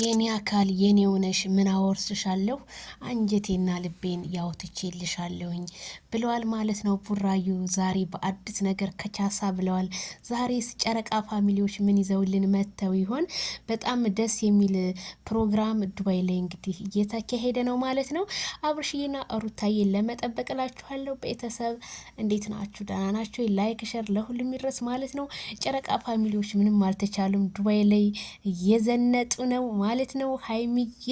የኔ አካል የኔ ሆነሽ ምን አወርስሻለሁ አንጀቴና ልቤን ያውትቼልሻለሁኝ ብለዋል ማለት ነው። ቡራዩ ዛሬ በአዲስ ነገር ከቻሳ ብለዋል። ዛሬስ ጨረቃ ፋሚሊዎች ምን ይዘውልን መጥተው ይሆን? በጣም ደስ የሚል ፕሮግራም ዱባይ ላይ እንግዲህ እየተካሄደ ነው ማለት ነው። አብርሽዬና ሩታዬ ለመጠበቅ እላችኋለሁ። ቤተሰብ እንዴት ናችሁ? ደህና ናቸው። ላይክ ሸር ለሁሉም ይድረስ ማለት ነው። ጨረቃ ፋሚሊዎች ምንም አልተቻሉም። ዱባይ ላይ እየዘነጡ ነው ማለት ነው። ሀይሚዬ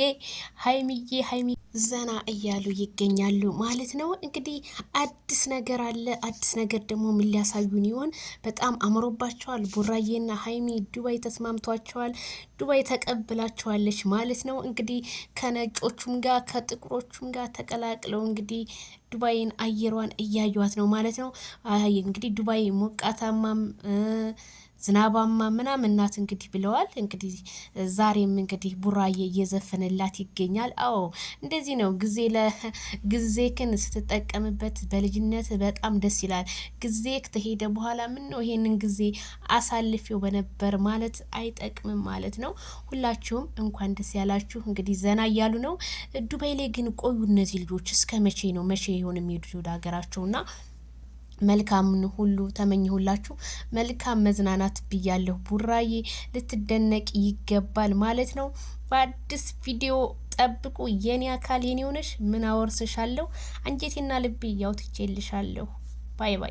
ሀይሚዬ ሀይሚ ዘና እያሉ ይገኛሉ ማለት ነው። እንግዲህ አዲስ ነገር አለ። አዲስ ነገር ደግሞ ምን ሊያሳዩን ይሆን? በጣም አምሮባቸዋል። ቡራዬና ሀይሚ ዱባይ ተስማምቷቸዋል። ዱባይ ተቀብላቸዋለች ማለት ነው። እንግዲህ ከነጮቹም ጋር ከጥቁሮቹም ጋር ተቀላቅለው እንግዲህ ዱባይን አየሯን እያዩዋት ነው ማለት ነው። እንግዲህ ዱባይ ሞቃታማም ዝናባማ ምናምን እናት እንግዲህ ብለዋል። እንግዲህ ዛሬም እንግዲህ ቡራዬ እየዘፈነላት ይገኛል። አዎ እንደዚህ ነው ጊዜ ክን ስትጠቀምበት በልጅነት በጣም ደስ ይላል። ጊዜ ከተሄደ በኋላ ምን ነው ይሄንን ጊዜ አሳልፌው በነበር ማለት አይጠቅምም ማለት ነው። ሁላችሁም እንኳን ደስ ያላችሁ። እንግዲህ ዘና እያሉ ነው። ዱባይ ላይ ግን ቆዩ እነዚህ ልጆች እስከ መቼ ነው መቼ የሆን የሚሄዱት ወደ ሀገራቸውና መልካምን ሁሉ ተመኝሁላችሁ። መልካም መዝናናት ብያለሁ። ቡራዬ ልትደነቅ ይገባል ማለት ነው። በአዲስ ቪዲዮ ጠብቁ። የኔ አካል የኔ ሆነሽ ምን አወርስሻለሁ፣ አንጀቴና ልቤ ያውትቼልሻለሁ። ባይ ባይ።